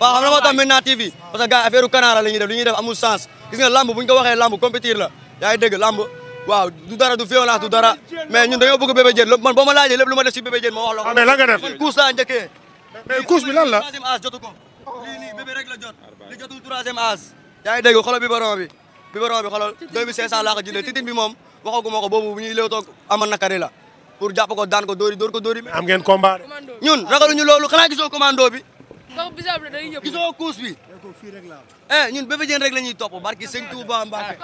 waaw xam na moo tax Médina TV parce Kanaara la ñuy def li ñuy def lamb bu ñu ko waxee lamb compétir la yaa ngi lamb waaw du dara du violence du dara mais ñun dañoo bëgg bébé jën man boo ma laajee lu ma def si ma wax la ah, bi lan la. troisième bi biberon bi xoolal ko boobu bu ñuy léewtoog ama nakari la pour jàpp ko daan ko dóori ko dóori. am ngeen combat ñun ragaluñu loolu xanaa gisoo commando bi donc bisaab la day yëpp. gisoo course bi. Eh, ñun Bébé Diène rek la ñuy topp barki Sëñ Touba Mbacke.